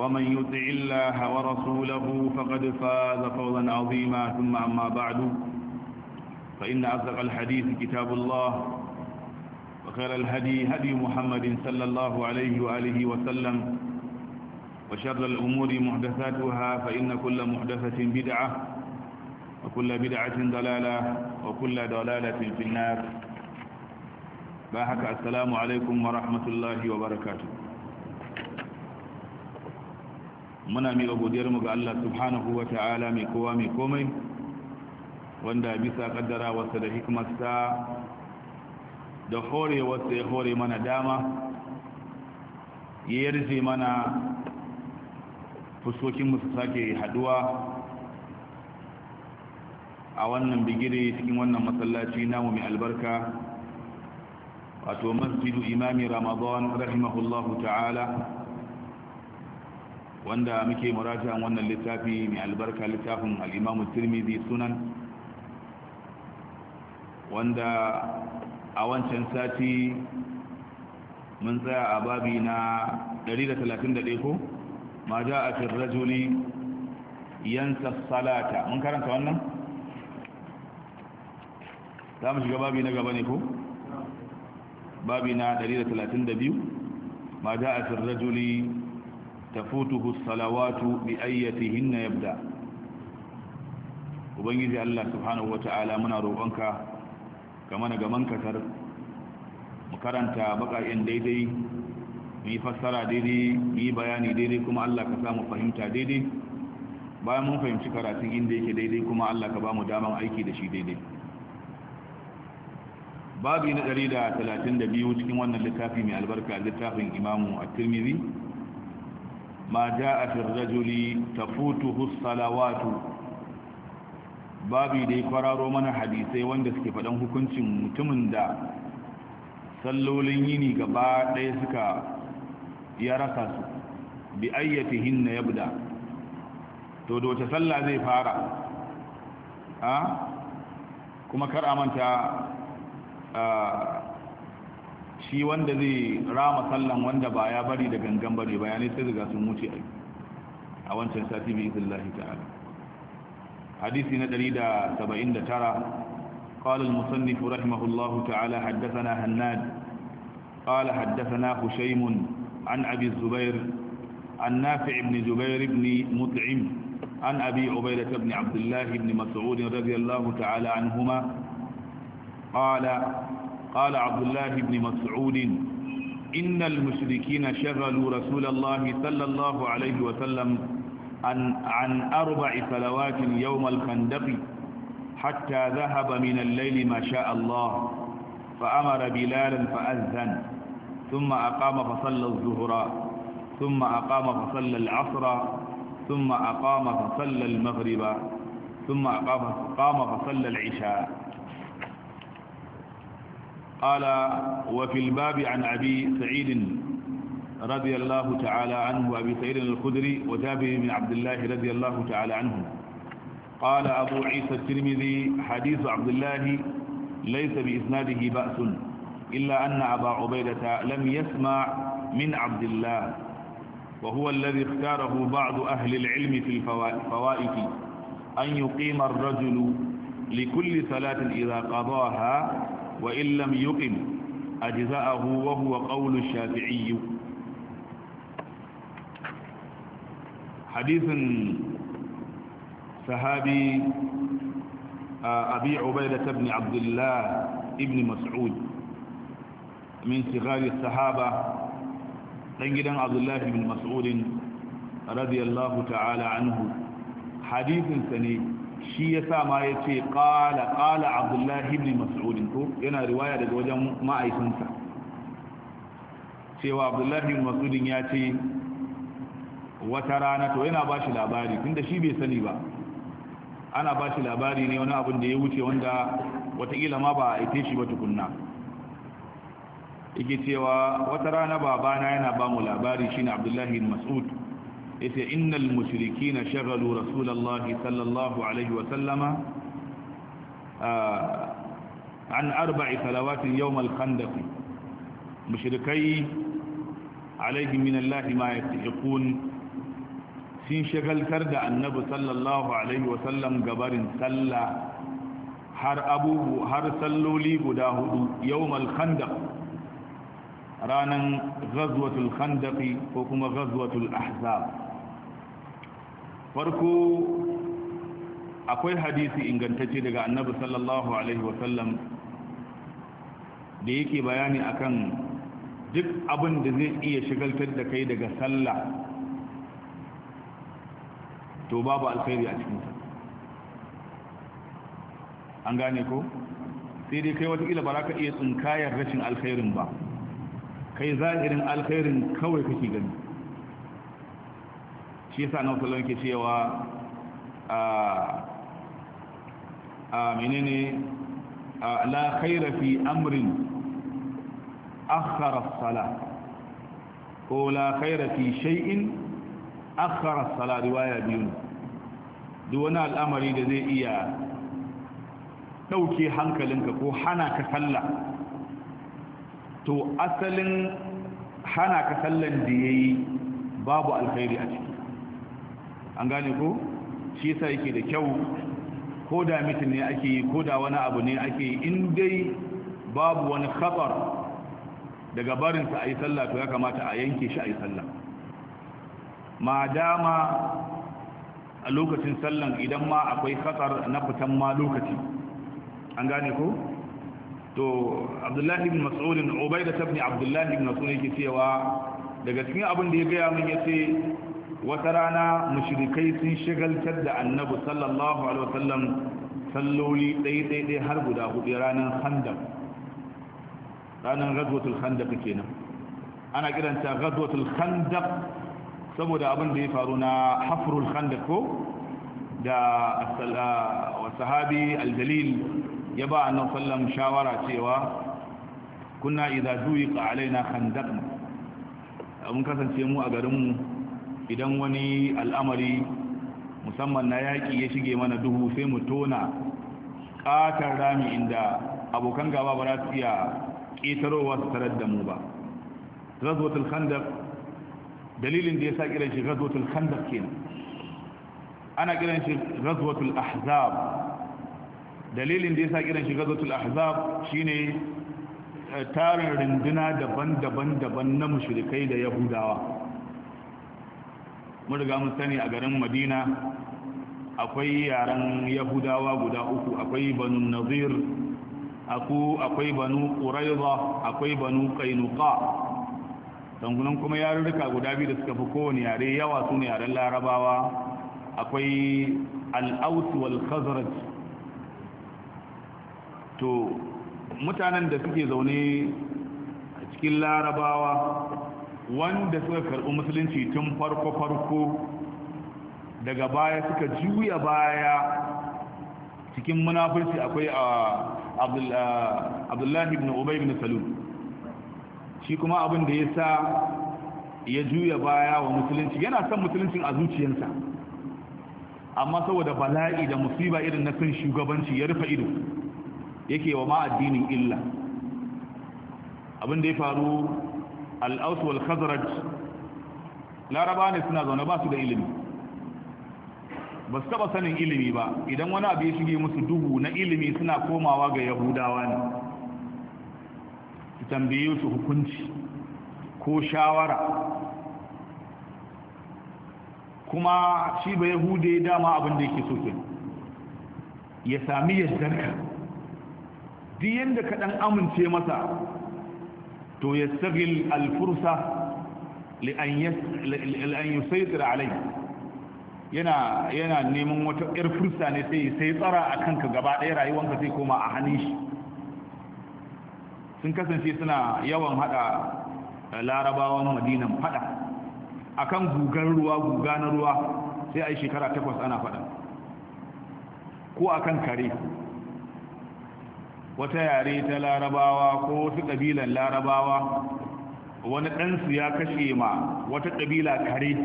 ومن يطع الله ورسوله فقد فاز فوزا عظيما ثم أما بعد فإن أصدق الحديث كتاب الله وخير الهدي هدي محمد صلى الله عليه وآله وسلم وشر الأمور محدثاتها فإن كل محدثة بدعة وكل بدعة ضلالة وكل ضلالة في النار السلام عليكم ورحمة الله وبركاته muna miƙa godiyar mu ga Allah subhanahu wa ta'ala mai kowa mai komai wanda bisa kaddara wasa da hikmasta da hore ya hore mana dama ya yarje mana fuskokin su sake haduwa a wannan bigire cikin wannan masallaci namu mai albarka wato masjidu imami ramadan rahimahullahu ta'ala wanda muke murajan wannan littafi mai albarka littafin al'imamu tirmidhi sunan wanda a wancan sati mun tsaya a babi na 131 ko ma za a fi rajuli yansa salata mun karanta wannan? za mu shiga babi na gaba ne ko? babi na 132 ma za a fi rajuli tafutuhu salawatu bi ayyatihin yabda ubangiji Allah subhanahu ta'ala muna roƙonka ka mana gaman kasar mu karanta baƙaƙen daidai mu yi fassara daidai mu yi bayani daidai kuma Allah ka samu fahimta daidai bayan mun fahimci karatun inda yake daidai kuma Allah ka ba mu daman aiki da shi daidai babi na ɗari da biyu cikin wannan littafi mai albarka littafin imamu a tirmidhi ما جاء في الرجل تفوته الصلوات babi da ya kwararo mana hadisai wanda suke faɗan hukuncin mutumin da sallolin yini gaba ɗaya suka ya rasa su bi hinna na yabda to da sallah zai fara a kuma kar a manta shi wanda zai rama sallan wanda ba ya bari da gangan bane bayanai sai daga sun wuce a wancan sati bi izillahi ta'ala hadisi na 179 قال المصنف رحمه الله تعالى حدثنا هناد قال حدثنا هشيم عن أبي الزبير عن نافع بن جبير بن مطعم عن أبي عبيدة بن عبد الله بن مسعود رضي الله تعالى عنهما قال قال عبد الله بن مسعود إن المشركين شغلوا رسول الله صلى الله عليه وسلم عن, عن أربع صلوات يوم الخندق حتى ذهب من الليل ما شاء الله فأمر بلالا فأذن ثم أقام فصلى الظهر ثم أقام فصلى العصر ثم أقام فصلى المغرب ثم أقام فصلى العشاء قال وفي الباب عن أبي سعيد رضي الله تعالى عنه وأبي سعيد الخدري وجابر بن عبد الله رضي الله تعالى عنه قال أبو عيسى الترمذي حديث عبد الله ليس بإسناده بأس إلا أن أبا عبيدة لم يسمع من عبد الله وهو الذي اختاره بعض أهل العلم في الفوائف أن يقيم الرجل لكل صلاة إذا قضاها وإن لم يقم أجزاءه وهو قول الشافعي حديث صحابي آه، أبي عبيدة بن عبد الله ابن مسعود من صغار الصحابة دنجدن عبد الله بن مسعود رضي الله تعالى عنه حديث سنيه shi ya sa ma ya ce ƙala ƙala abdullahi ibn mas'udin ko yana riwaya daga wajen ma'aikinsa cewa abdullahi ibn mas'udin ya ce wata rana to yana ba shi labari tunda shi bai sani ba ana ba shi labari ne wani abin da ya wuce wanda watakila ma ba a aike shi ba tukunna yake cewa wata rana babana yana ba mu labari ne abdullahi Ibn mas'ud yace innal mushrikina shaghalu rasulullahi sallallahu alaihi wa sallama an arba'i salawatin yawm al-khandaq mushrikai alaihim min Allah ma yastahiqun sun shagaltar da annabi sallallahu alaihi wa wasallam gabarin sallah har abubu har salloli guda hudu yawmal khandaq ranan ghazwatul khandaqi ko kuma ghazwatul ahzab farko akwai hadisi ingantacce daga annabi sallallahu alaihi wasallam da yake bayani akan duk abin da zai iya shigaltar da kai daga sallah to babu alkhairi a cikinsa an gane ko sai dai kai watakila ba za ka iya tsinkayar rashin alkhairin ba kai zahirin alkhairin kawai kake gani shi sa nan wasu ke cewa a a menene la khaira fi amrin akhara sala ko la khaira fi shay'in akhara sala riwaya biyu duk wani al'amari da zai iya ɗauke hankalinka ko hana ka sallah to asalin hana ka sallan da yayi babu alkhairi a ciki an gane ko shi yasa yake da kyau ko da mitin ne ake yi ko da wani abu ne ake yi in dai babu wani khabar daga barinsa a yi sallah to ya kamata a yanke shi a yi sallah ma dama a lokacin sallan idan ma akwai khatar na fitan ma lokaci an gane ko to abdullahi ibn mas'ud da ibn abdullahi ibn mas'ud yake cewa daga cikin abin da ya gaya min yace wata rana mushrikai sun shagaltar da annabi sallallahu alaihi wasallam salloli ɗaiɗaiɗai har guda hudu ranar handam ranar gazwatul handaq kenan ana kiranta gazwatul handaq saboda abin da ya faru na hafrul handaq ko da sahabi al-dalil ya ba annabi sallam shawara cewa kunna idza duiqa alaina khandaqna mun kasance mu a garinmu idan wani al'amari musamman na yaƙi ya shige mana duhu sai mu tona ƙatar rami inda abokan gaba ba za su iya ƙetarowa su tarar da mu ba ghazwatul khandaq dalilin da ya sa kiran shi ghazwatul khandaq kenan ana kiran shi ghazwatul ahzab dalilin da ya sa kiran shi ghazwatul ahzab shine eh, tarin rinduna daban-daban daban na mushrikai da yahudawa mun riga mun sani a garin madina akwai yaren yahudawa guda uku akwai banu nazir aku akwai banu quraiza akwai banu qainuqa sangunan kuma yarurruka guda biyu da suka fi kowane yare yawa su ne yaren larabawa akwai al-aus wal khazraj to mutanen da suke zaune a cikin larabawa wanda suka karɓi musulunci tun farko-farko daga baya suka juya baya cikin munafurci akwai a ah, ah, abdullahi ibn ubay ibn salun shi kuma abin da ya sa ya juya baya wa musulunci yana son musulunci a zuciyarsa amma saboda bala'i da musiba irin na kan shugabanci ya rufe ido yake wa ma'addinin illa abin da ya faru al'aus wal khazraj laraba ne suna zaune ba su da ilimi ba su taba sanin ilimi ba idan wani abu ya shige musu duhu na ilimi suna komawa ga yahudawa ne su tambaye su hukunci ko shawara kuma shi ba yahude dama abin da yake so ke ya sami yardarka duk yadda ka dan amince masa to ya al alfursa, li an yusaytir alayhi yana neman wata yar fursa ne sai sai tsara a kanka gaba ɗaya rayuwanka sai koma a hannun shi sun kasance suna yawan hada eh, larabawan madinan fada akan gugan ruwa guga na ruwa sai a yi shekara takwas ana fada ko akan kare wata yare ta larabawa ko wata ƙabilan larabawa wani ɗansu ya kashe ma wata ƙabila kare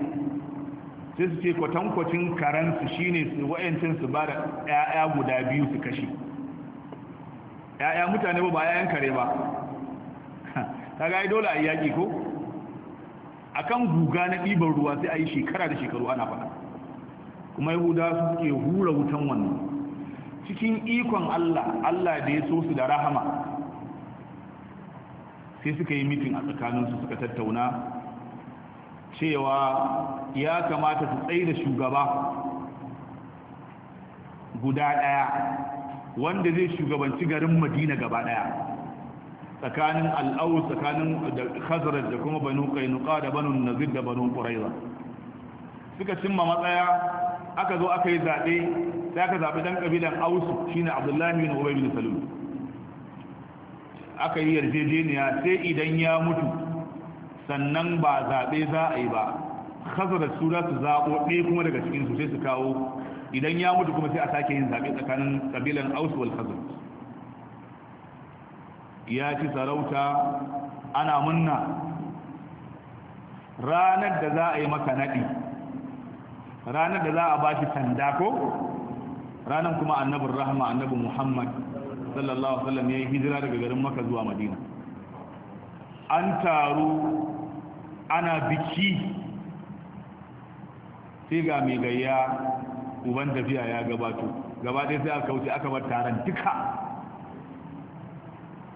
sai su ce kwatankwacin karensu shi ne su wa'yancin su ba da 'ya'ya guda biyu su kashe 'ya'ya mutane ba ba 'ya'yan kare ba ta gai dole a yi yaƙi ko akan guga na ɗiban ruwa sai a yi shekara da shekaru ana faɗa kuma yahuda suke hura wutan wannan cikin ikon Allah Allah da ya so su da rahama sai suka yi mitin a tsakaninsu suka tattauna cewa ya kamata su tsaye da shugaba guda ɗaya wanda zai shugabanci garin madina gaba ɗaya tsakanin al'au tsakanin hazarar da kuma banu kainuka da banu nazir da banu ƙuraiza suka cimma matsaya aka zo aka yi zaɓe sai aka zaɓi ɗan ƙabilan ausu shine abdullahi bin ubay bin salul aka yi yarjejeniya sai idan ya mutu sannan ba zaɓe za a yi ba da su za su zaɓo ɗaya kuma daga cikin su sai su kawo idan ya mutu kuma sai a sake yin zaɓe tsakanin ƙabilan ausu wal kasa ya ci sarauta ana munna ranar da za a yi maka naɗi ranar da za a ba shi sanda ko ranan kuma annabin rahama annabin muhammad sallallahu alaihi wasallam ya yi hijira daga garin maka zuwa madina an taru ana biki sai ga mai gayya uban tafiya ya gabato gaba ɗaya sai aka kauce aka bar taron duka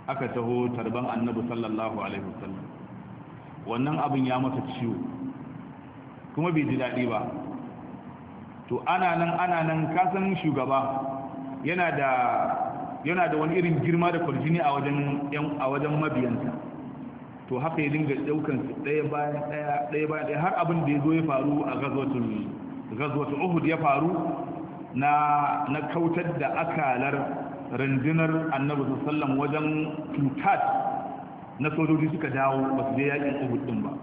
aka taho tarban annabi sallallahu alaihi wasallam wannan abin ya masa ciwo kuma bai ji daɗi ba to ana nan ana nan kasan shugaba yana da yana da wani irin girma da kwaljini a wajen a wajen mabiyanta to haka ya dinga daukan su daya bayan daya daya bayan daya har abin da ya zo ya faru a gazwatul gazwatul uhud ya faru na na kautar da akalar rundunar annabi sallam wajen tutat na sojoji suka dawo ba su je yakin uhud din ba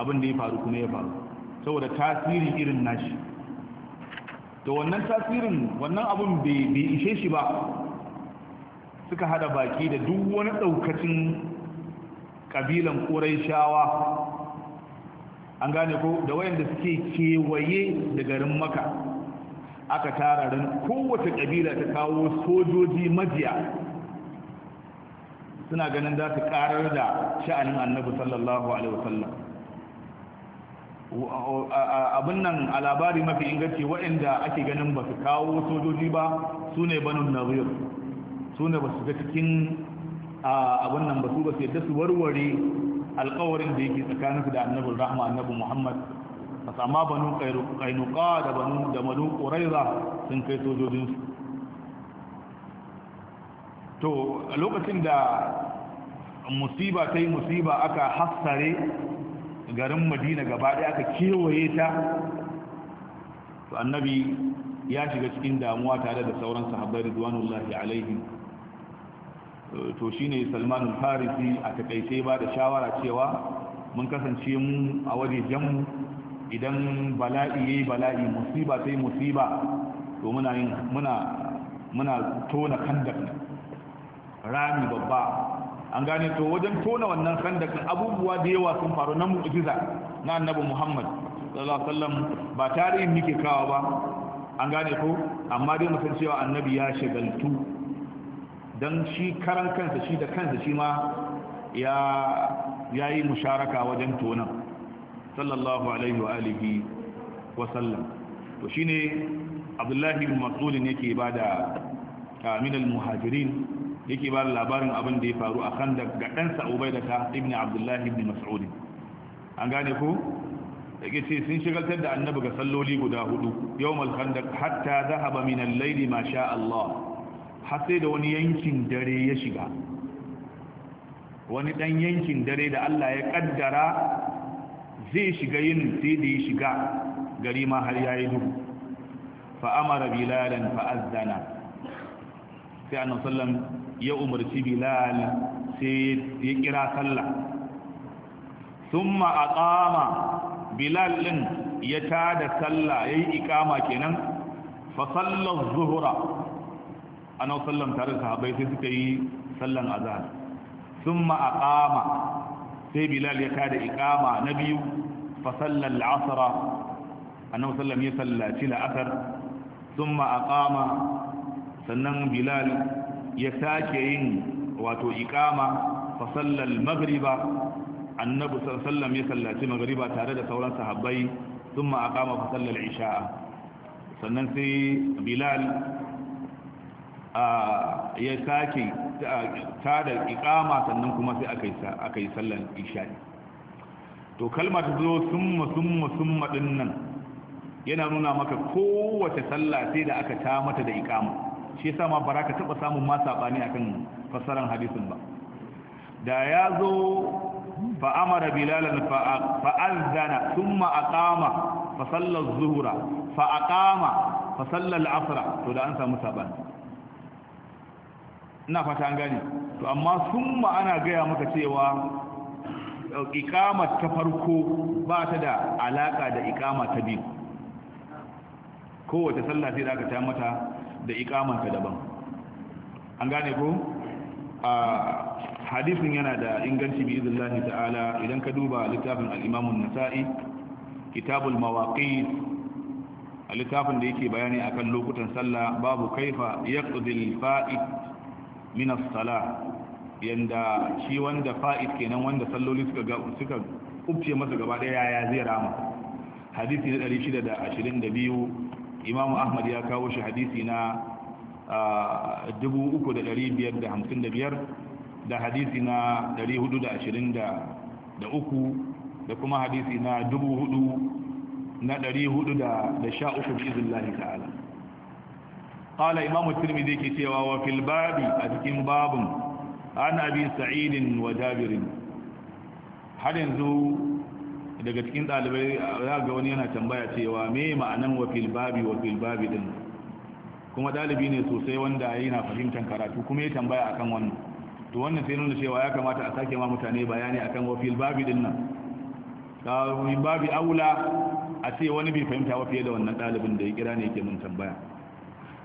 abin da ya faru kuma ya faru saboda tasiri irin nashi da wannan tasirin wannan abun bai ishe shi ba suka hada baki da duk wani daukacin kabilan shawa an gane ko da wayanda suke kewaye da garin maka aka tara ran kowace kabila ta kawo sojoji majiya suna ganin za su karar da sha'anin annabi sallallahu alaihi wasallam abin nan a labari mafi inganci waɗanda ake ganin ba su kawo sojoji ba su ne banin nazir su ne ba su ga cikin abin nan ba su ba su yadda su warware alkawarin da yake tsakaninsu da annabin rahama annabin muhammad a sama banu kainuka da banu da manu ƙuraiza sun kai sojojinsu to a lokacin da musiba ta yi musiba aka hassare garin madina gaba ɗaya aka kewaye ta to annabi ya shiga cikin damuwa tare da sauran sahabbai ridwanullahi alaihim to shine salman al-farisi a takaice ba da shawara cewa mun kasance mu a mu idan bala'i ya bala'i musiba sai musiba to muna muna muna tona kandar rami babba an gane to wajen tona wannan khandakin abubuwa da yawa sun faru na mu'jiza na annabi Muhammad sallallahu alaihi wasallam ba tarihin nike kawa ba an gane ko amma dai mutum cewa annabi ya shagaltu dan shi karan kansa shi da kansa shi ma ya yayi musharaka wajen tonan sallallahu alaihi wa alihi wa sallam to shine Abdullahi bin Mas'ud yake bada ah, min al-muhajirin yake ba labarin abin da ya faru a khandak ga ɗansa ubai ta ibn abdullahi ibn Mas'udi an gane ko yake ce sun shigaltar da annabi ga salloli guda hudu yawmal khandak hatta zahaba min al ma sha Allah har sai da wani yankin dare ya shiga wani dan yankin dare da Allah ya ƙaddara zai shiga yin sai da ya shiga gari ma har yayi duhu fa amara bilalan fa azana sai annabi sallallahu ya umarci bilal sai ya kira sallah summa aqama bilal din ya tada sallah yayi ikama kenan fa sallar zuhura ana sallam tare da sahabbai sai suka yi sallan azhar summa aqama sai bilal ya tada ikama na biyu fa sallal asr ana sallam ya sallaci la'asar summa aqama sannan bilal ya sake yin wato ikama fasallal magriba annabi sallam ya sallaci magriba tare da sauran sahabbai sun ma'akama fasallal isha'a sannan sai bilal ya sake tada ikama sannan kuma sai aka yi sallan isha'i to kalmar zo summa summa summa din nan yana nuna maka kowace sallah sai da aka ta mata da ikama shi yasa ma baraka taba samun ma sabani akan fassaran hadisin ba da ya zo fa amara bilalan fa azana thumma aqama fa salla az-zuhra fa aqama fa salla al-asra to da an samu sabani ina fata an gane to amma thumma ana gaya maka cewa iqama ta farko ba ta da alaka da iqama ta biyu kowace sallah sai da aka ta mata da ikama ta daban an gane ko a hadisin yana da inganci bi izillahi ta'ala idan ka duba littafin al'imamun nasa'i kitabul mawaƙi a littafin da yake bayani akan lokutan sallah babu kaifa ya ƙudil fa'id minas sala yanda shi wanda fa'id kenan wanda salloli suka kubce masa gaba ɗaya ya zai mu hadisi na 622 imamu ahmad ya kawo shi hadisi na 3555 da hadisi na 423 da kuma hadisi na 4413 na 413 bi'izillahi ta'ala قال امام الترمذي ke cewa wa fil babi a cikin babun an abi sa'idin daga cikin ɗalibai za ga wani yana tambaya cewa me ma'anan fil babi fil babi din kuma ɗalibi ne sosai wanda yana fahimtar karatu kuma ya tambaya akan wannan to wannan sai nuna cewa ya kamata a sake ma mutane bayani akan fil babi din nan wafil babi aula a ce wani bai fahimta wa fiye da wannan ɗalibin da ya kira ne yake mun tambaya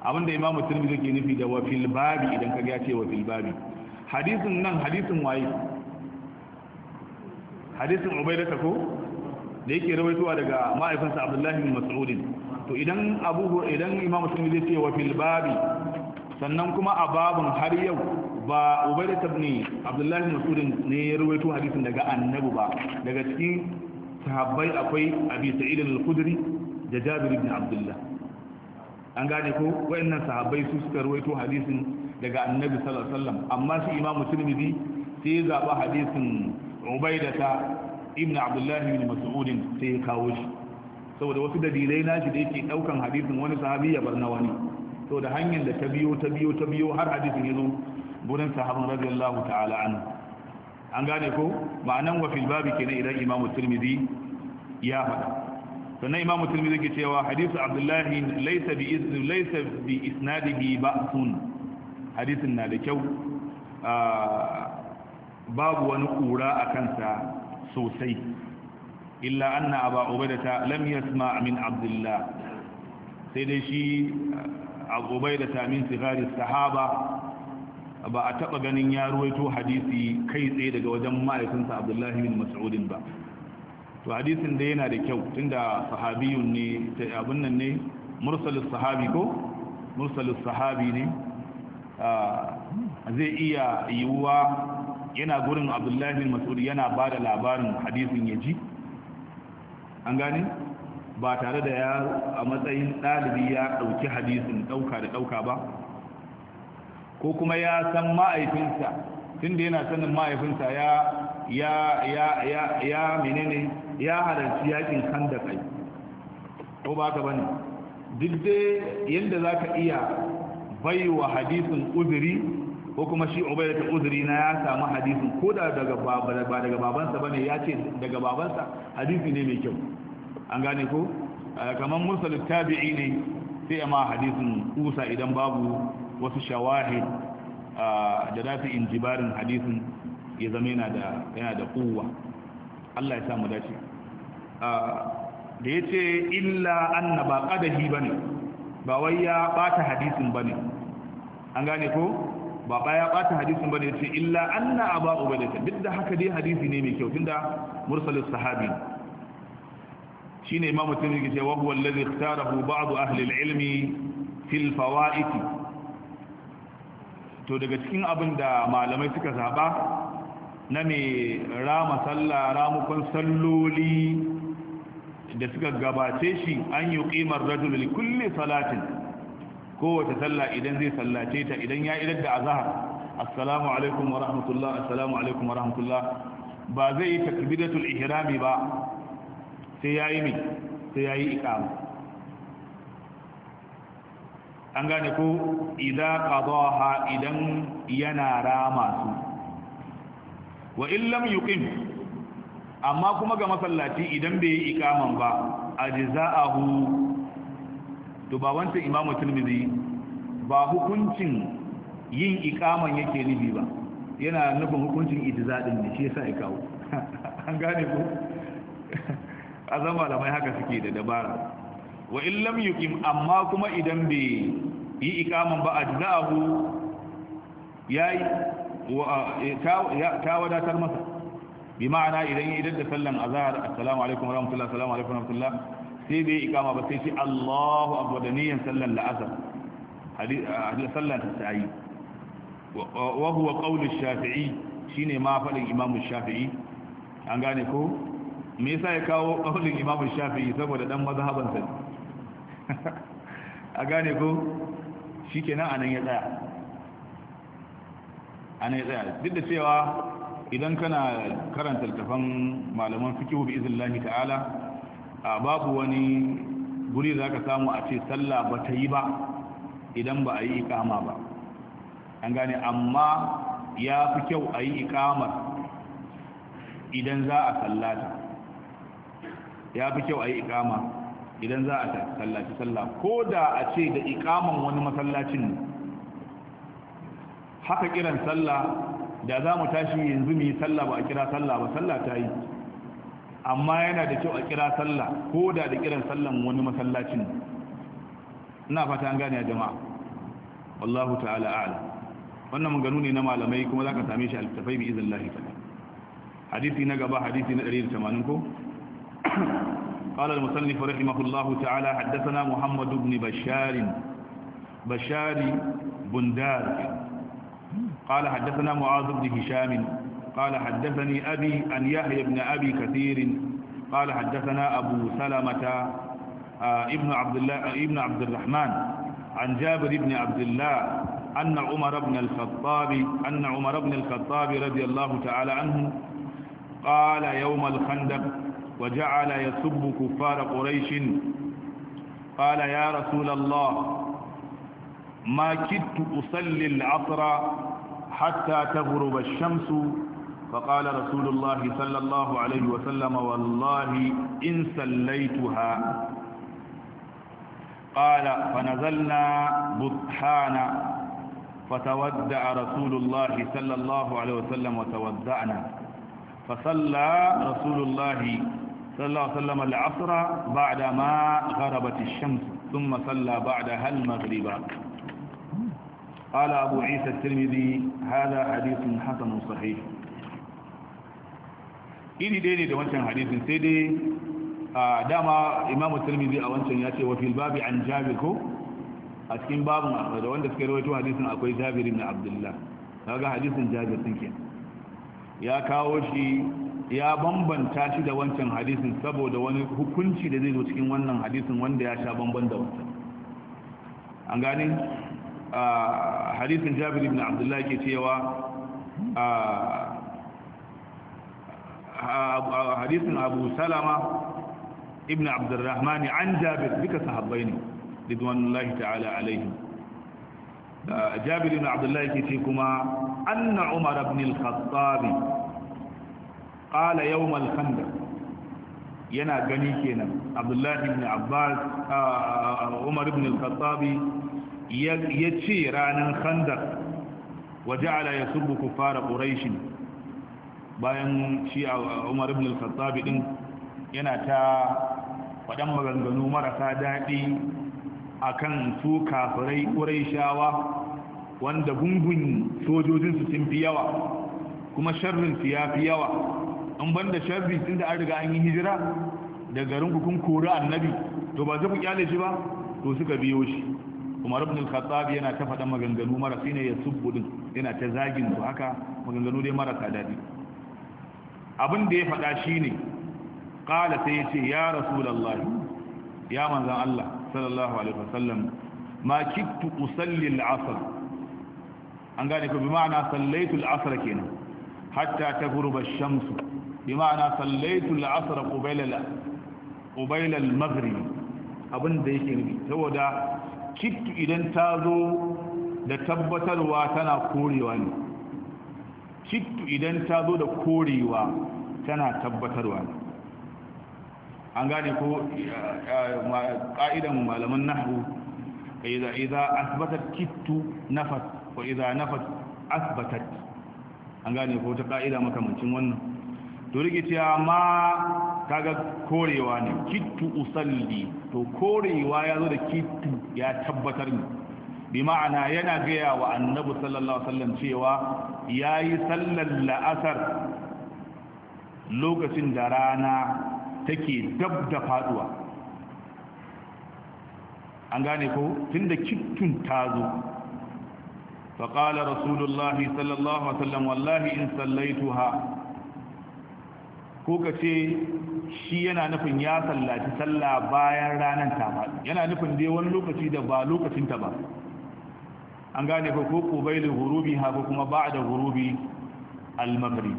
abin da imamu tirmidhi yake nufi da fil babi idan kaga ya ce fil babi hadisin nan hadisin waye hadisin ta ko da yake rawaitowa daga ma'aikansa abdullahi bin mas'ud to idan abubuwa idan imam muslim zai ce wa fil babi sannan kuma a babun har yau ba ubaida tabni abdullahi bin mas'ud ne ya rawaito hadisin daga annabi ba daga cikin sahabbai akwai abi sa'id al-khudri da jabir ibn abdullah an gane ko wayannan sahabbai su suka rawaito hadisin daga annabi sallallahu alaihi wasallam amma shi imamu musulmi sai ya zaba hadisin ubaidata ibn abdullahi ibn mas'udin sai ya kawo shi saboda wasu dalilai shi da yake daukan hadisin wani sahabi ya bar na wani saboda hanyar da ta biyo ta biyo ta biyo har hadisin ya zo gurin sahabin radiyallahu ta'ala an an gane ko ma'anan wa fil babi kenan idan imam tirmidhi ya faɗa sannan imam tirmidhi ke cewa hadisu abdullahi laysa bi isn laysa bi isnadihi ba'sun hadisin na da kyau ah, babu wani kura a kansa sosai illa anna aba ubaidata lam yasma min abdullah sai dai shi uh, abu ubaidata min sigari sahaba ba a taba ganin ya ruwaito hadisi kai tsaye daga wajen ma'aikinsa abdullahi bin mas'udin ba to hadisin da yana da kyau tunda sahabiyun ne abun nan ne mursalus sahabi ko mursalus sahabi ne uh, zai iya yiwuwa yana gurin abdullahi bin mas'ud yana ba da labarin hadisin ya ji an gane ba tare da ya a matsayin ɗalibi ya ɗauki hadisin ɗauka da ɗauka ba ko kuma ya san ma'aifinsa tun da yana sanin ma'aifinsa ya ya ya ya ya menene ya halarci yakin kan da kai ko ba ka bane duk dai yadda za ka iya baiwa hadisin uzuri ko kuma shi ubayda ta uzuri na ya samu hadisin ko da daga ba daga babansa bane ya ce daga babansa hadisi ne mai kyau an gane ko kamar mursal tabi'i ne sai ma hadisin usa idan babu wasu shawahi da za su injibarin hadisin ya zama yana da yana da kuwa Allah ya sa mu dace da ya ce illa anna ba qadahi bane ba wai ya bata hadisin bane an gane ko ba ya bata hadisin bane yace illa anna aba ubaidata duk da haka dai hadisi ne mai kyau tunda mursalus sahabi shine imamu tirmidhi yace wa huwa alladhi ikhtarahu ba'd ahli al fi al to daga cikin abin da malamai suka zaba na mai rama sallah ramukon salloli da suka gabace shi an yi ƙimar rajulul kulli salatin kowace sallah idan zai sallace ta idan ya idar da azhar assalamu alaikum wa rahmatullah assalamu alaikum wa rahmatullah ba zai yi takbiratul ihrami ba sai yayi mi sai yayi iqama an gane ko idza qadaha idan yana rama su wa in lam yuqim amma kuma ga masallaci idan bai yi iqaman ba ajza'ahu to ba wancan imamu turmizi ba hukuncin yin ikaman yake nufi ba yana nufin hukuncin itizadin ne shi yasa ya kawo an gane ko azan malamai haka suke da dabara wa in lam yuqim amma kuma idan bai yi ikaman ba ajza'ahu yayi eh, ta wadatar masa bi ma'ana idan ya idar da sallan azhar assalamu alaikum warahmatullahi assalamu alaikum rahmatullahi sai bai ikama ba sai shi Allahu akbar da niyyar sallar la'asar hadith sallar ta sa'i wa huwa qawlu shafi'i shine ma fadin imam shafi'i an gane ko me yasa ya kawo qawlin imam shafi'i saboda dan mazhaban sa a gane ko shikenan anan ya tsaya anan ya tsaya duk da cewa idan kana karanta littafan malaman fiqh bi iznillahi ta'ala a babu wani guri za ka samu a ce sallah ba ta yi ba idan ba a yi ikama ba an gane amma ya fi kyau a yi ikamar idan za a sallata ya fi kyau a yi ikama idan za a sallaci sallah ko da a ce da ikaman wani masallacin haka kiran sallah da za mu tashi yanzu mu yi sallah ba a kira sallah ba sallah ta yi amma yana da kyau a kira sallah ko da da kiran sallan wani masallacin ina fata an gane jama'a wallahu ta'ala a'lam wannan maganu ne na malamai kuma zaka same shi al-tafai bi iznallahi ta'ala hadisi na gaba hadisi na 180 ko قال المصنف رحمه الله تعالى حدثنا محمد بن بشار بشار بندار قال حدثنا معاذ بن هشام قال حدثني أبي أن يحيى بن أبي كثير قال حدثنا أبو سلمة آه، ابن عبد الله ابن عبد الرحمن عن جابر بن عبد الله أن عمر بن الخطاب أن عمر بن الخطاب رضي الله تعالى عنه قال يوم الخندق وجعل يسب كفار قريش قال يا رسول الله ما كدت أصلي العصر حتى تغرب الشمس فقال رسول الله صلى الله عليه وسلم والله إن سليتها قال فنزلنا بطحانا فتودع رسول الله صلى الله عليه وسلم وتودعنا فصلى رسول الله صلى الله عليه وسلم العصر بعدما غربت الشمس ثم صلى بعدها المغرب قال أبو عيسى الترمذي هذا حديث حسن صحيح iri ɗaya ne da wancan hadisin sai dai a dama imam tirmidhi a wancan ya ce wa fil babi an jabir ko a cikin babin da wanda suka rawaito hadisin akwai jabir ibn abdullah kaga hadisin jabir din ke ya kawo shi ya bambanta shi da wancan hadisin saboda wani hukunci da zai zo cikin wannan hadisin wanda ya sha bamban da wancan an gane hadisin jabir ibn abdullah ke cewa حديث أبو سلمة ابن عبد الرحمن عن جابر بك صحابين رضوان الله تعالى عليهم جابر بن عبد الله فيكما أن عمر بن الخطاب قال يوم الخندق ينا غني كينا عبد الله بن عباس آه، آه، عمر بن الخطاب يتشي رانا خندق وجعل يسب كفار قريش bayan shi Umar ibn al-Khattab din yana ta wadan maganganu marasa daɗi akan su kafirai Qurayshawa wanda gungun sojojin sun fi yawa kuma sharrin su ya fi yawa in banda sharri tunda an riga an yi hijira da garin kori annabi to ba za ku kyale shi ba to suka biyo shi umar ibn al yana ta faɗan maganganu marasa ne ya yana ta zagin su haka maganganu dai marasa daɗi abin da ya faɗa shi ne ƙala sai ya ce ya rasulallah ya manzan Allah sallallahu alaihi wasallam ma kittu usalli al-asr an gane ko bi ma'ana sallaitu al-asr kenan hatta taghruba ash-shamsu bi ma'ana sallaitu al-asr qabla al-qabla al-maghrib abin da yake nufi saboda kittu idan ta zo da tabbatarwa tana korewa ne shittu idan ta zo da korewa tana tabbatarwa an gane ko ƙa'idan malaman nahu idza asbatat kittu nafat wa idza nafat asbatat an gane ko ta ƙa'ida makamancin wannan to rikiciya ma kaga korewa ne kittu usalli to korewa ya zo da kittu ya tabbatar ne bi ma'ana yana gaya wa annabi sallallahu alaihi wasallam cewa ya yi sallar la'asar lokacin da rana take dab da faduwa an gane ko tunda kittun ta zo faƙala rasulullahi sallallahu wasallam wallahi in ha. ko ka ce shi yana nufin ya sallaci sallah bayan ranar ta faɗi yana nufin dai wani lokaci da ba lokacinta ba an gane ko ko qubailul ghurubi ha ko kuma ba'da ghurubi al-maghrib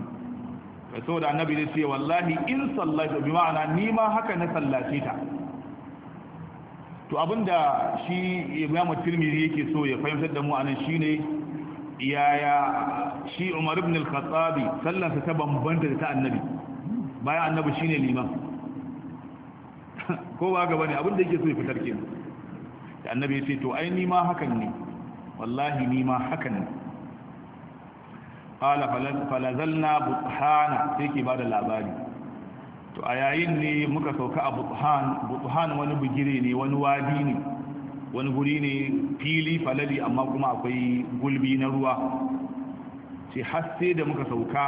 fa da annabi sai ce wallahi in sallaitu bi ma'ana ni ma haka na sallace ta to abinda shi Imam Tirmidhi yake so ya fahimtar da mu anan shine yaya shi Umar ibn al-Khattab sallansa ta bambanta da ta annabi bayan annabi shine liman ko ba ga bane abinda yake so ya fitar kenan da annabi ya ce to ai ni ma hakan ne wallahi ni ma haka ne qala falazalna buthana sai ke bada labari to a yayin ne muka sauka a buthan buthan wani bugire ne wani wadi ne wani guri ne fili falali amma kuma akwai gulbi na ruwa ce har sai da muka sauka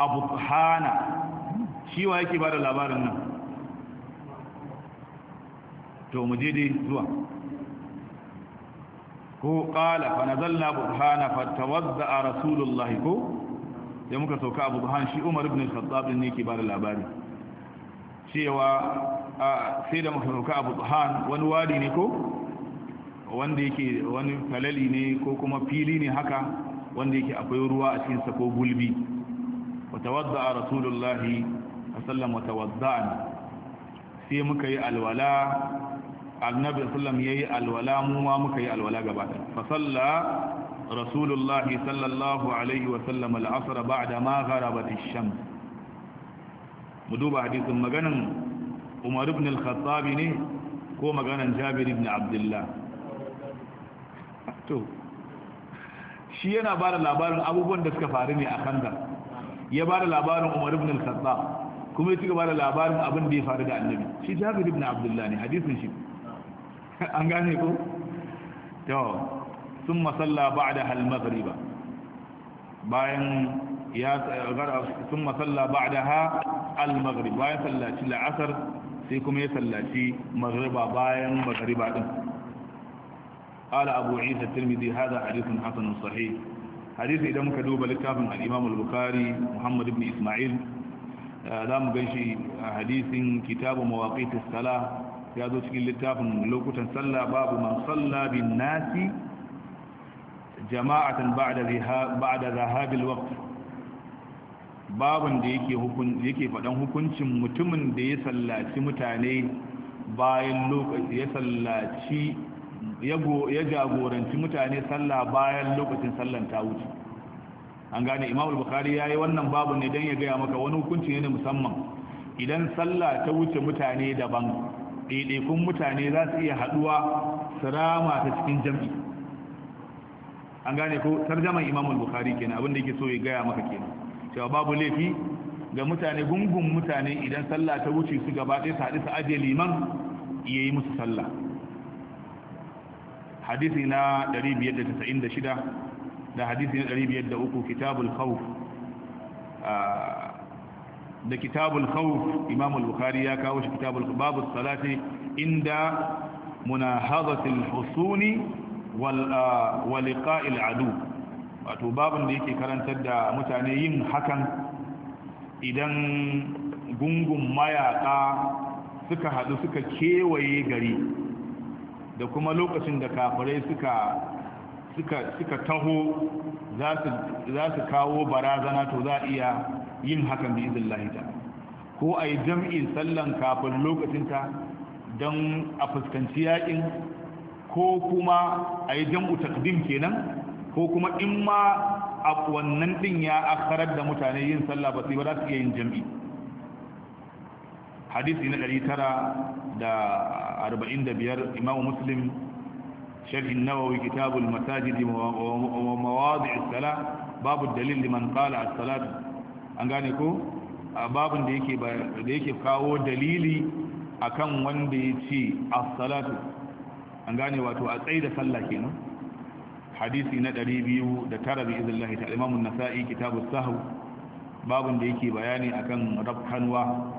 a buthana shi wa yake bada labarin nan to mu je dai zuwa ko qala fa nazalna burhana fatawadda rasulullah ko sai muka sauka abu burhan shi umar ibn al-khattab ne yake bada labari cewa sai da muka sauka abu burhan wani wadi ne ko wanda yake wani falali ne ko kuma fili ne haka wanda yake akwai ruwa a cikin sa ko gulbi watawadda rasulullah sallallahu alaihi wasallam watawadda'an sai muka yi alwala annabi sallam yi alwala mu ma muka yi alwala gaba fa salla rasulullahi sallallahu alaihi wa sallam al-asr ba'da ma gharabat ash-shams mu duba hadisin maganan Umar ibn al-Khattab ne ko maganan Jabir ibn Abdullah to shi yana ba da labarin abubuwan da suka faru ne a Khandaq ya ba da labarin Umar ibn al-Khattab kuma ya cika ba da labarin abin da ya faru da annabi shi jabir ibn abdullah ne hadisin shi an gane ku? to sun masalla ba da halmagariba bayan ya sun masalla ba da ha bayan sallaci la'asar sai kuma ya sallaci magariba bayan magariba din قال أبو عيسى الترمذي هذا حديث حسن صحيح حديث إذا مكدوب لكتاب الإمام البخاري محمد بن إسماعيل دام قيشي حديث كتاب مواقيت الصلاة ya zo cikin littafin lokutan sallah babu man salla bin nasi jama'atan ba'da zahabil waqt babun da yake hukun yake hukuncin mutumin da ya sallaci mutane bayan lokaci ya sallaci ya jagoranci mutane sallah bayan lokacin sallan ta wuce an gane imamul bukari ya yi wannan babu ne don ya gaya maka wani hukunci ne musamman idan sallah ta wuce mutane daban ɗaiɗaikun mutane za su iya haɗuwa su ta cikin jam'i an gane ko tarjaman imam bukhari kenan abin da yake so ya gaya maka kenan cewa babu laifi ga mutane gungun mutane idan sallah ta wuce su gaba ɗaya saɗi haɗu su ajiye liman iya yi musu sallah hadisi na 596 da hadisi na 503 kitabul khawf ah, da kitabul khawf imam al-bukhari ya kawo shi kitabul babu salati inda al-husun wal ah, wa al adu wato babu da yake karantar da mutane yin hakan idan gungun mayaka suka hadu suka kewaye gari da kuma lokacin da kafirai suka suka suka taho za su kawo barazana to za iya yin hakan bi izin ta ko a yi jam'in sallan kafin lokacinta don a fuskanci yakin ko kuma a yi jam'u takdim kenan ko kuma in ma a wannan din ya akarar da mutane yin sallah ba sai ba za su iya yin jam'i hadisi na 945 imamu muslim شرح النووي كتاب المساجد sala babu dalil liman qala as-salat an gane ko babin da yake da kawo dalili akan wanda ya ce as-salatu an gane wato a tsaye da sallah kenan hadisi na 209 bi idillahi ta imamu nasa'i kitabu sahu babin da yake bayani akan rabkanwa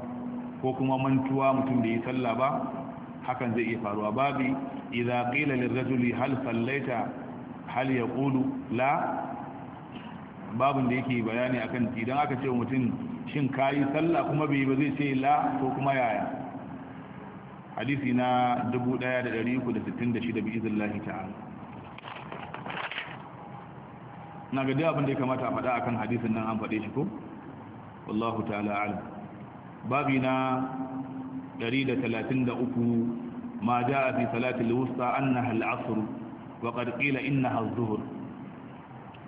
ko kuma mantuwa mutum da yi sallah ba hakan zai iya faruwa babi idza qila lirajuli hal sallaita hal yaqulu la babin da yake bayani akan ti don aka ce mutum shin kayi sallah kuma bai ba zai ce la ko kuma yaya hadisi na 1366 bi izillahi ta'ala na ga duk abin da ya kamata a faɗa akan hadisin nan an faɗe shi ko wallahu ta'ala alam babi na 133 ma jaa fi salati al-wusta annaha al-asr wa qad qila innaha adh-dhuhr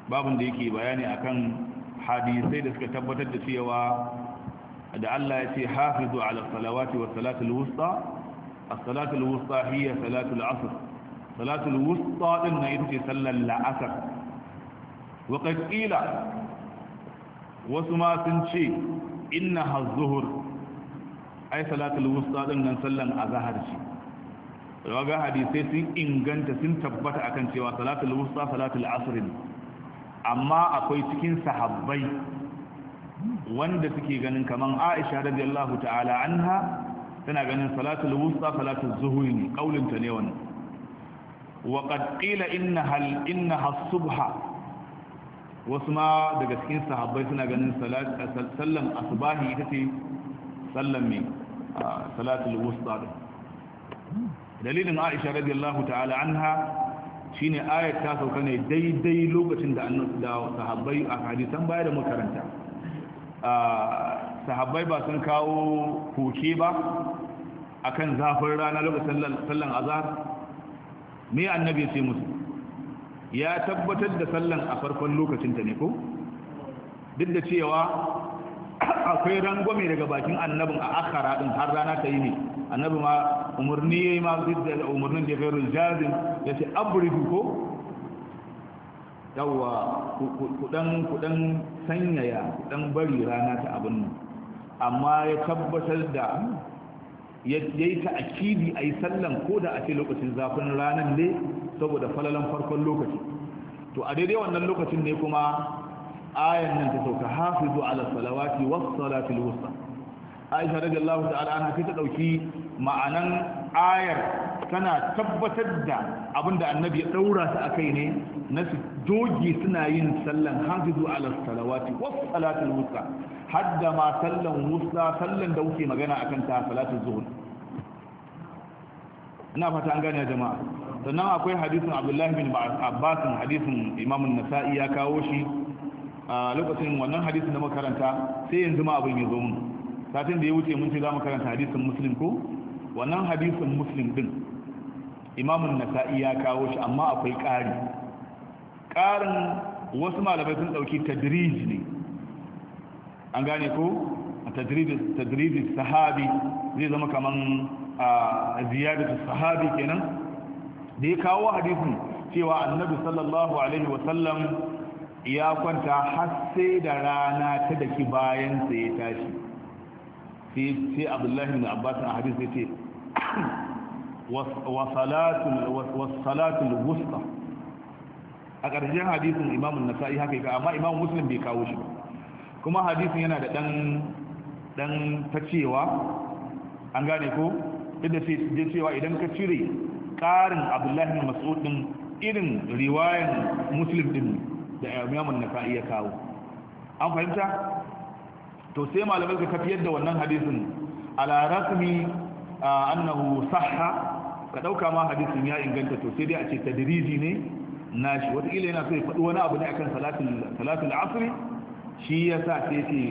babin da yake bayani akan hadisai da suka tabbatar da cewa da Allah ya ce hafizu ala salawati wa salatul wusta as-salatul wusta hiya salatul asr salatul wusta din na ita ce sallar la'asar wa qad qila wasu ma sun ce inna az-zuhr ai salatul wusta din nan sallan azhar ce daga hadisai sun inganta sun tabbata akan cewa salatul wusta salatul asr ne amma akwai cikin sahabbai wanda suke ganin kaman Aisha radiyallahu ta'ala anha tana ganin salatul wusta salatul zuhri ne kaulin ne wannan wa qad qila innaha innaha subha wasu ma daga cikin sahabbai suna ganin sallan asbahi ita ce sallan mai ah, salatul wusta dalilin Aisha radiyallahu ta'ala anha shine ayat ta sauka ne daidai lokacin da da sahabbai a hadisan baya da makaranta sahabbai ba sun kawo koke ba akan zafin rana lokacin sallan azar me annabi ce musu ya tabbatar da sallan a farkon lokacinta ne ko duk da cewa akwai rangwame daga bakin annabin a akhara din har rana ta yi ne annabi ma umarni ya yi ma zidda umarnin da ya kai rujazin ya ce abridu ko yawwa kudan kudan sanyaya kudan bari rana ta abin nan amma ya tabbatar da ya yi ta akidi a yi sallan ko da a ce lokacin zafin ranar ne saboda falalan farkon lokaci to a daidai wannan lokacin ne kuma ayan nan ta sauka hafizu ala salawati was salati al wusta Aisha radiyallahu ta'ala anha ta dauki ma'anan ayar tana tabbatar da abinda annabi ya daura su akai ne na su doge suna yin sallan hafizu ala salawati was salati al wusta hadda ma sallan wusta sallan da kuke magana akan ta salatul zuhur ina fata an gane jama'a sannan akwai hadisin abdullahi bin abbas hadisin imam an-nasa'i ya kawo shi a lokacin wannan hadisin da makaranta sai yanzu ma abin ya zo mun satin da ya wuce mun ce za mu karanta hadisin muslim ko wannan hadisin muslim din imamun nasa'i ya kawo shi amma akwai ƙari ƙarin wasu malamai sun ɗauki tadriji ne an gane ko a tadriji sahabi zai zama kaman a ziyadatu sahabi kenan da ya kawo hadisin cewa annabi sallallahu alaihi wasallam ya kwanta har sai da rana ta daki bayan sai ya tashi sai abdullahi bin abbas a hadisi yace wa Salatu wa a ƙarshen hadisin imamun nasa'i haka yake amma imamun muslim bai kawo shi ba kuma hadisin yana da dan dan tacewa an gane ko inda sai je cewa idan ka cire ƙarin abdullahi bin mas'ud din irin riwayan muslim din da na nasa'i ya kawo an fahimta to sai malamai ka kafiyar da wannan hadisin ala rasmi annahu sahha ka dauka ma hadisin ya inganta to sai dai a ce tadriji ne nashi wata kila yana so ya faɗi wani abu ne akan salatul salatul asr shi yasa sai ce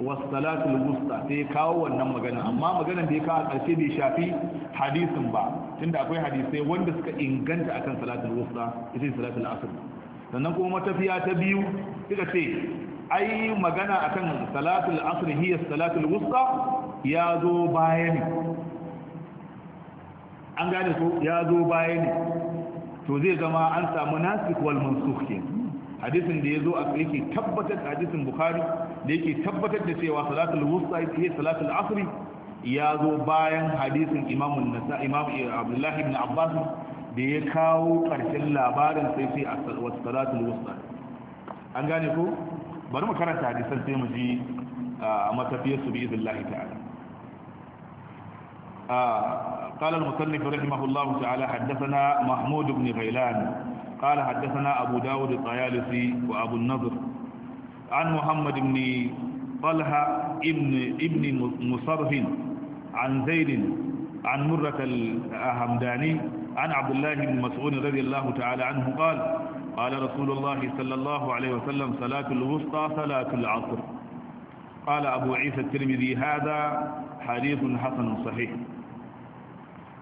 wasalatul wusta sai kawo wannan magana amma maganar da ya kawo ƙarshe bai shafi hadisin ba tunda akwai hadisai wanda suka inganta akan salatul wusta ita salatul asr sannan kuma matafiya ta biyu suka ce ai magana akan salatul asr hiya salatul wusta ya zo baya ne an gane ko ya zo baya ne to zai zama an samu nasikh wal mansukh ke hadisin da yazo a yake tabbatar da hadisin bukhari da yake tabbatar da cewa salatul wusta hiya salatul asr ya zo bayan hadisin imam an-nasa imam abdullahi ibn abbas da ya kawo ƙarshen labarin sai sai a wasu salatul wasta an gane ko bari mu karanta da san sai mu ji a matafiyar su bi lahi ta'ala a kalar musallin farashi mahullahu ta'ala haddasana mahmud ibn ghailan قال حدثنا أبو داود الطيالسي وأبو النظر عن محمد بن طلحة ابن ابن مصرف عن زيد عن مرة الأهمداني عن عبد الله بن مسعود رضي الله تعالى عنه قال قال رسول الله صلى الله عليه وسلم صلاة الوسطى صلاة العصر قال أبو عيسى الترمذي هذا حديث حسن صحيح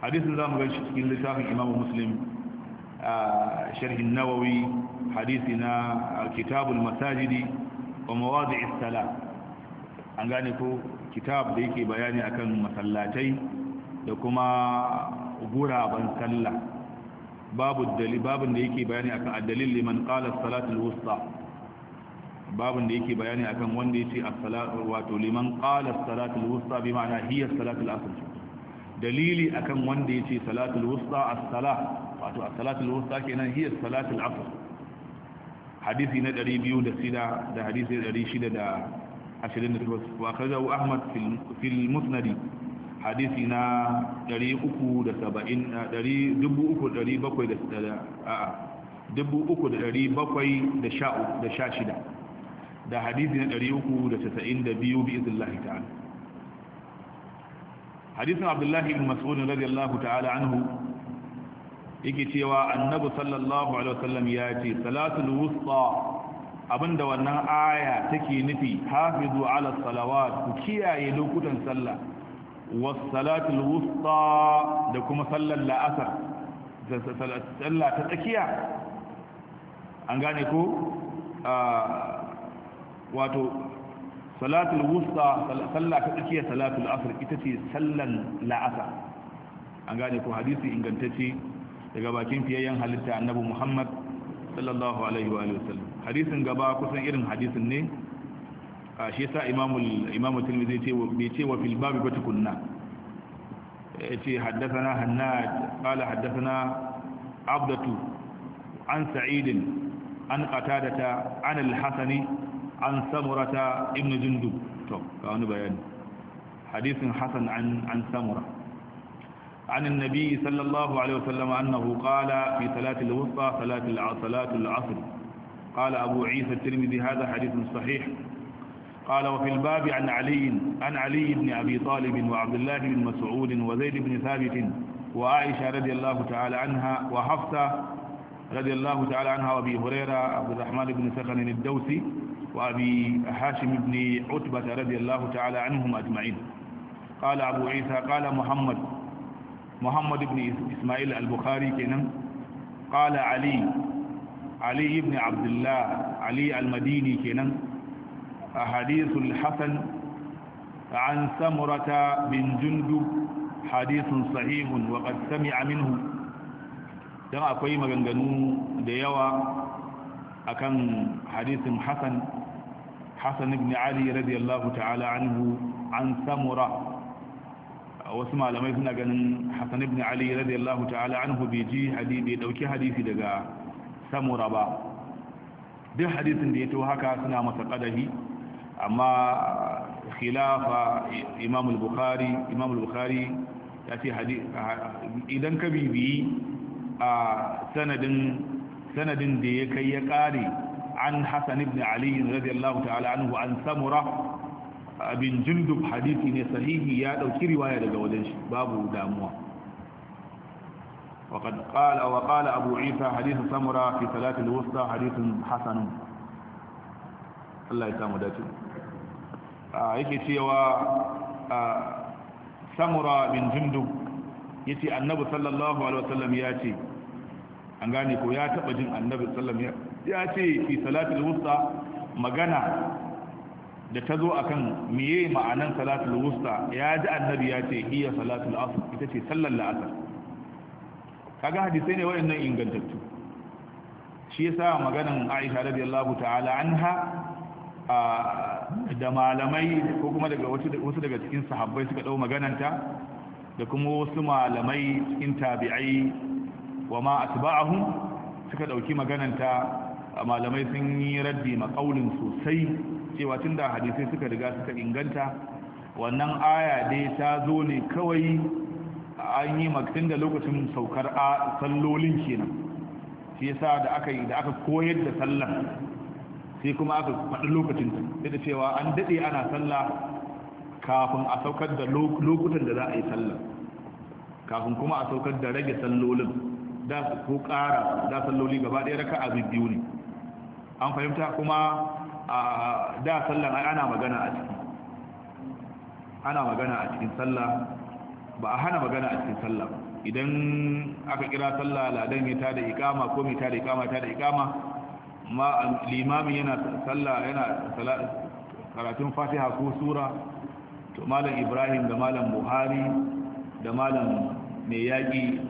حديث ذا مغش في لتاف الإمام مسلم شرح النووي حديثنا كتاب المساجد ومواضع الصلاة an gane ko kitab da yake bayani akan masallatai da kuma guraben sallah babu dalil babun da yake bayani akan addalil liman qala salatul wusta babun da yake bayani akan wanda yace as-salatu wato liman qala salatul wusta bi ma'ana hiya salatul asr dalili akan wanda yace salatul wusta as-salah wato as-salatul wusta kenan hiya salatul asr hadisi na 206 da hadisi 600 da wa akhrajahu ahmad fil musnad hadisi na 3,716 da hadisi na 392 bi izinlahi ta'ala hadisin abdullahi ibn mas'udin radiyallahu ta'ala anhu yake cewa Annabu sallallahu alaihi wasallam ya ce salatul wusta abinda wannan aya take nufi hafizu ala salawat ku kiyaye lokutan sallah wasalatul wusta da kuma sallar la'asar sallar ta tsakiya an gane ko wato salatul wusta sallar ta tsakiya salatul asr ita ce sallar la'asar an gane ko hadisi ingantacce daga bakin fiyayyen halitta annabi muhammad sallallahu alaihi wa sallam hadisin gaba kusan irin hadisin ne shi yasa imamul imamu tilmizi ce bai ce wa fil babi ba tukunna yace haddathana hannad qala haddathana abdatu an sa'id an qatadata an al-hasan an samurata ibn jundub to ga wani bayani hadisin hasan an an samura عن النبي صلى الله عليه وسلم أنه قال في صلاة الوسطى صلاة العصر قال أبو عيسى الترمذي هذا حديث صحيح قال وفي الباب عن علي عن علي بن أبي طالب وعبد الله بن مسعود وزيد بن ثابت وعائشة رضي الله تعالى عنها وحفصة رضي الله تعالى عنها وابي هريرة عبد الرحمن بن سخن الدوسي وابي هاشم بن عتبة رضي الله تعالى عنهم أجمعين قال أبو عيسى قال محمد محمد بن إسماعيل البخاري كنم قال علي علي بن عبد الله علي المديني كنم حديث الحسن عن سمرة بن جندب حديث صحيح وقد سمع منه ترى أقوي مغنغنو ديوى أكن حديث حسن حسن بن علي رضي الله تعالى عنه عن سمرة wasu malamai suna ganin hassan ibn ali radiyallahu ta'ala anhu bai ji bai dauki hadisi daga samura ba duk hadisin da ya to haka suna masa kadahi amma khilafa imam al-bukhari imam al-bukhari ya ce idan ka bibiyi a sanadin sanadin da ya kai ya kare an hasan ibn ali radiyallahu ta'ala anhu an samura abin jundub hadisi ne sahihi ya dauki riwaya daga wajen shi babu damuwa وقد قال وقال أبو عيسى حديث سمرة في ثلاث الوسطى حديث حسن الله يسامو داتي yake cewa samura bin jundub ya ce annabi sallallahu alaihi wasallam ya ce an gane ko ya taba jin annabi sallam ya ce fi salatul wusta magana da ta zo akan miye ma'anan salatul wusta ya ji annabi ya ce iya salatul asr ita ce sallar la'asar kaga hadisai ne waɗannan ingantattu shi yasa maganan Aisha radiyallahu ta'ala anha da malamai ko kuma daga wasu daga cikin sahabbai suka ɗau magananta da kuma wasu malamai cikin tabi'ai wa ma atba'ahum suka ɗauki magananta malamai sun yi raddi maƙaunin sosai cewa tunda da hadisai suka riga suka inganta wannan aya dai ta zo ne kawai an yi maktin da lokacin saukar a sallolin kenan shi yasa da aka da aka koyar da sallan sai kuma aka faɗi lokacin sai da cewa an daɗe ana sallah kafin a saukar da lokutan da za a yi sallah kafin kuma a saukar da rage sallolin da ko ƙara da salloli gaba ɗaya raka a biyu ne an fahimta kuma a da sallan ana magana a ciki ana magana a cikin sallah ba a hana magana a cikin sallah idan aka kira sallah ladan ya tada ikama ko mai tada ikama tada ikama ma limami yana sallah yana karatun fatiha ko sura to malam ibrahim da malam buhari da malam mai yaƙi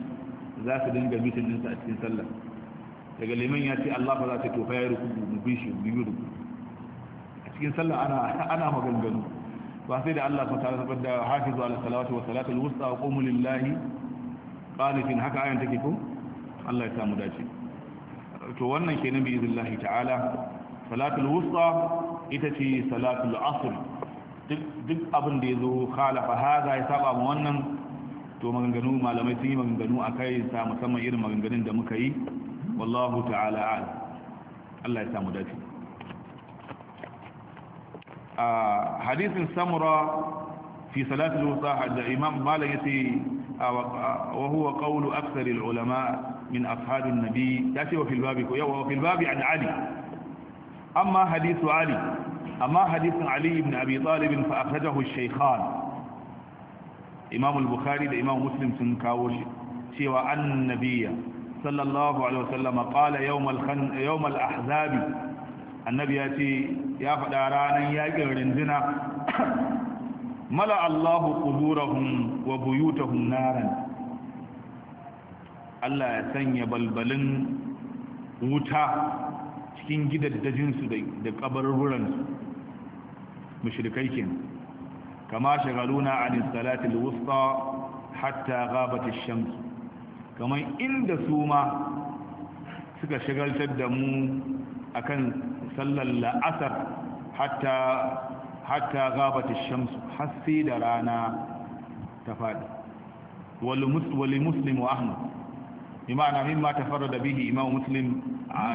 za su dinga mitin ɗinsa a cikin sallah daga liman ya ce allah ba za ta tofa ya ruku mu bi shi biyu ruku a cikin sallah ana maganganu ba sai da allah ta tare sabar da hafizu ala salawatu wa salatul wusta wa qumu lillahi qanitin haka ayan take ko allah ya samu dace to wannan kenan bi iznillahi ta'ala salatul wusta ita ce salatul asr duk abin da yazo khalafa haza ya saba mu wannan to maganganu malamai sun yi maganganu kai sa musamman irin maganganun da muka yi wallahu ta'ala a'lam Allah ya samu dace a hadisin samura fi salatul wusta da imam malik yace wa huwa qawlu aktsaril ulama من أصحاب النبي تأتي وفي الباب وفي الباب عن علي أما حديث علي أما حديث علي بن أبي طالب فأخرجه الشيخان إمام البخاري لإمام مسلم سنكاوش سوى أن النبي صلى الله عليه وسلم قال يوم الخن يوم الأحزاب النبي يأتي يا فدارانا يا جرنزنا ملأ الله قبورهم وبيوتهم نارا Allah ya sanya balbalin wuta cikin gidaddajinsu da kabarurransu mushrikai kenan kama shagaluna an salati alwusta hatta ghabat ash-shams kamar inda su ma suka shagaltar da mu akan sallar la'asar hatta hatta ghabat ash-shams da rana ta faɗi. wal muslim wa ahmad بمعنى مما تفرد به إمام مسلم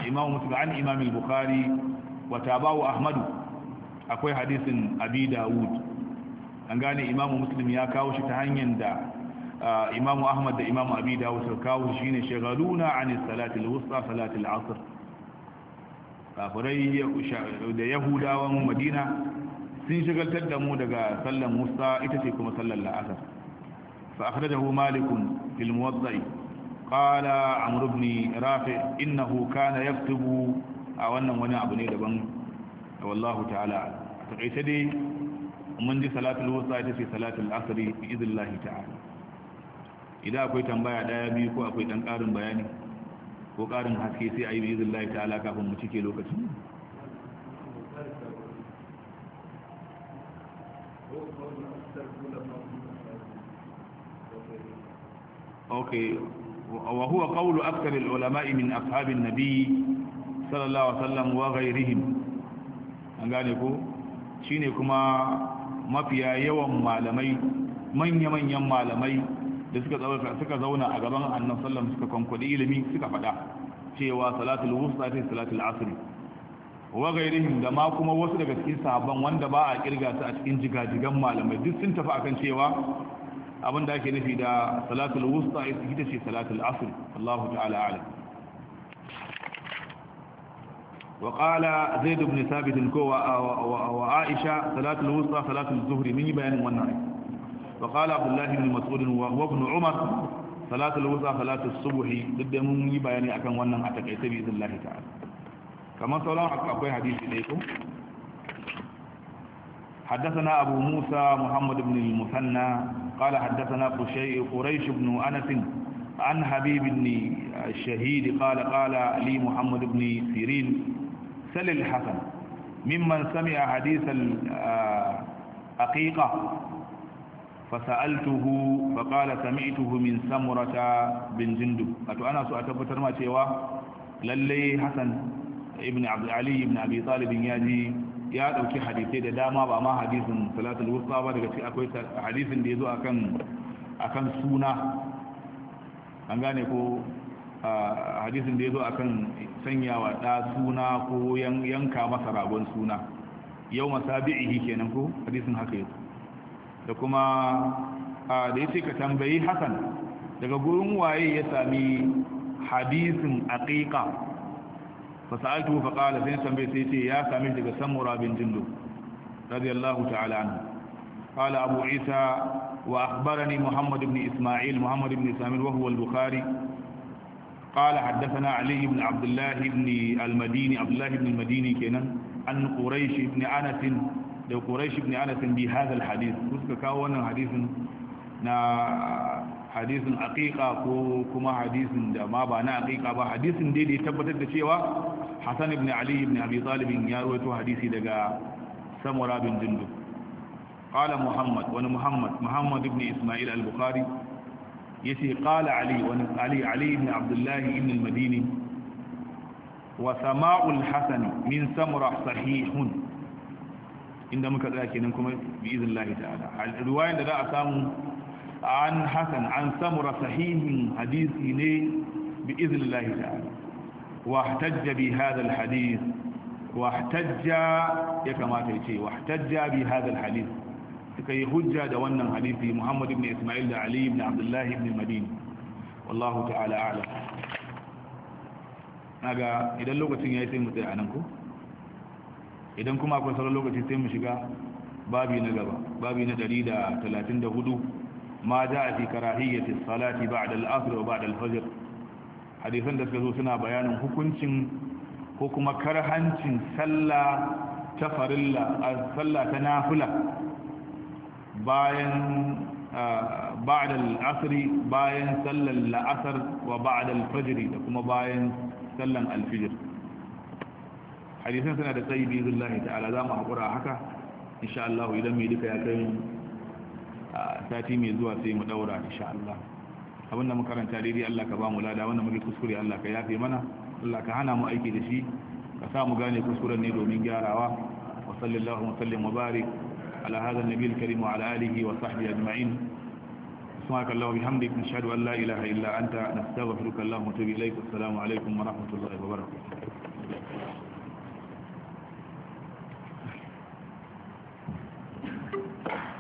إمام مسلم عن إمام البخاري وتابعه أحمد أكوي حديث أبي داود أنقاني إمام مسلم يا كاوش تهنين دا إمام أحمد دا إمام أبي داود كاوش شين شغلونا عن الصلاة الوسطى صلاة العصر kafirai da yahudawan madina sun shigaltar da mu daga sallan musa ita ce kuma sallan la'asar fa akhrajahu malikun fil muwatta'i قال عمرو بن رافع انه كان يكتب ا wannan wani abu ne daban wallahu ta'ala to kai sai mun ji salatul wusa ita ce salatul asr bi idillahi ta'ala idan akwai tambaya daya biyu ko akwai dan karin bayani ko karin haske sai ayi bi idillahi ta'ala kafin mu cike lokacin okay وهو قول أكثر العلماء من أصحاب النبي صلى الله عليه وسلم وغيرهم أنقالكو شينكما ما فيها يوم معلمي من يمن يم معلمي da suka zauna a gaban annan sallam suka konkwadi ilimi suka faɗa cewa salatul wusta ce salatul asr wa da ma kuma wasu daga cikin sahabban wanda ba a kirga su a cikin jigajigan malamai duk sun tafi akan cewa abin da ake nufi da salatul wusta ita ce salatul asr Allahu ta'ala alim wa qala zaid ibn thabit ko wa aisha salatul wusta salatul zuhri min bayanin wannan wa qala abdullah ibn mas'ud wa ibn umar salatul wusta salatul subhi duk da mun yi bayani akan wannan a takaice bi iznillah ta'ala kamar sauran akwai hadisi ne ko حدثنا أبو موسى محمد بن المثنى قال حدثنا قريش بن أنس عن حبيب بن الشهيد قال قال لي محمد بن سيرين سل الحسن ممن سمع حديث الأقيقة آه، فسألته فقال سمعته من سمرة بن جندب أتو أنا سأتبتر ما شيوا للي حسن ابن عبد علي بن أبي طالب ياجي ya dauki hadisai da dama ba ma hadisin salatul wusta ba daga cikin akwai hadisin da yazo akan akan suna an gane ko hadisin da yazo akan sanyawa da suna ko yanka masa ragon suna yau masabi'ihi kenan ko hadisin haka yazo da kuma da yace ka tambayi hasan daga gurin waye ya sami hadisin aqiqa fasaltu fa qala sai tambaye sai ce ya sami daga samura bin jindub radiyallahu ta'ala anhu qala abu isa wa akhbarani muhammad ibn isma'il muhammad ibn isma'il wa huwa al-bukhari قال حدثنا ibn بن عبد الله بن المديني عبد الله بن المديني كنا عن قريش بن انس ده قريش بن wannan hadisin na hadisin aqiqa ko kuma hadisin da ma ba na aqiqa ba hadisin dai da tabbatar da cewa Hassan ibn Ali ibn Abi Talib ya rawaito hadisi daga Samura bin Jundub qala Muhammad wa ibn Isma'il al-Bukhari yace qala Ali wa Ali Ali ibn Abdullah ibn al-Madini wa sama'ul Hasan min Samura sahihun inda muka tsaya kenan kuma bi da za a samu an hasan an samura sahihin hadisi ne bi iznillahi ta'ala wa bi hadal hadis wa ya kamata ya ce wa ihtajja bi hadha alhadith suka yi hujja da wannan hadisi Muhammad ibn Ismail da Ali ibn Abdullah ibn Madini wallahu ta'ala a'lam naga idan lokacin ya yi sai mu a nan ku idan kuma akwai sauran lokaci sai mu shiga babi na gaba babi na 134 ma jaa fi karahiyati salati ba'da al-asr wa ba'da al-fajr hadisan da suka zo suna bayanin hukuncin ko kuma karhancin sallah ta farilla sallah ta nafila bayan ba'da al-asr bayan sallan al wa ba'da al-fajr da kuma bayan sallan al-fajr hadisan suna da tsayi bi ta'ala za mu hakura haka insha idan mai duka ya kai mu sati mai zuwa sai mu daura insha Allah abinda mu karanta daidai Allah ka ba mu lada wanda muke kuskure Allah ka yafe mana Allah ka hana mu aiki da shi ka sa mu gane kuskuren ne domin gyarawa wa sallallahu wa sallim wa barik ala hadha an-nabiy al-karim wa ala alihi wa sahbihi ajma'in subhanaka allahumma bihamdika nashhadu an la ilaha illa anta nastaghfiruka allahumma wa natubu ilayk assalamu alaykum wa rahmatullahi wa barakatuh Thank you.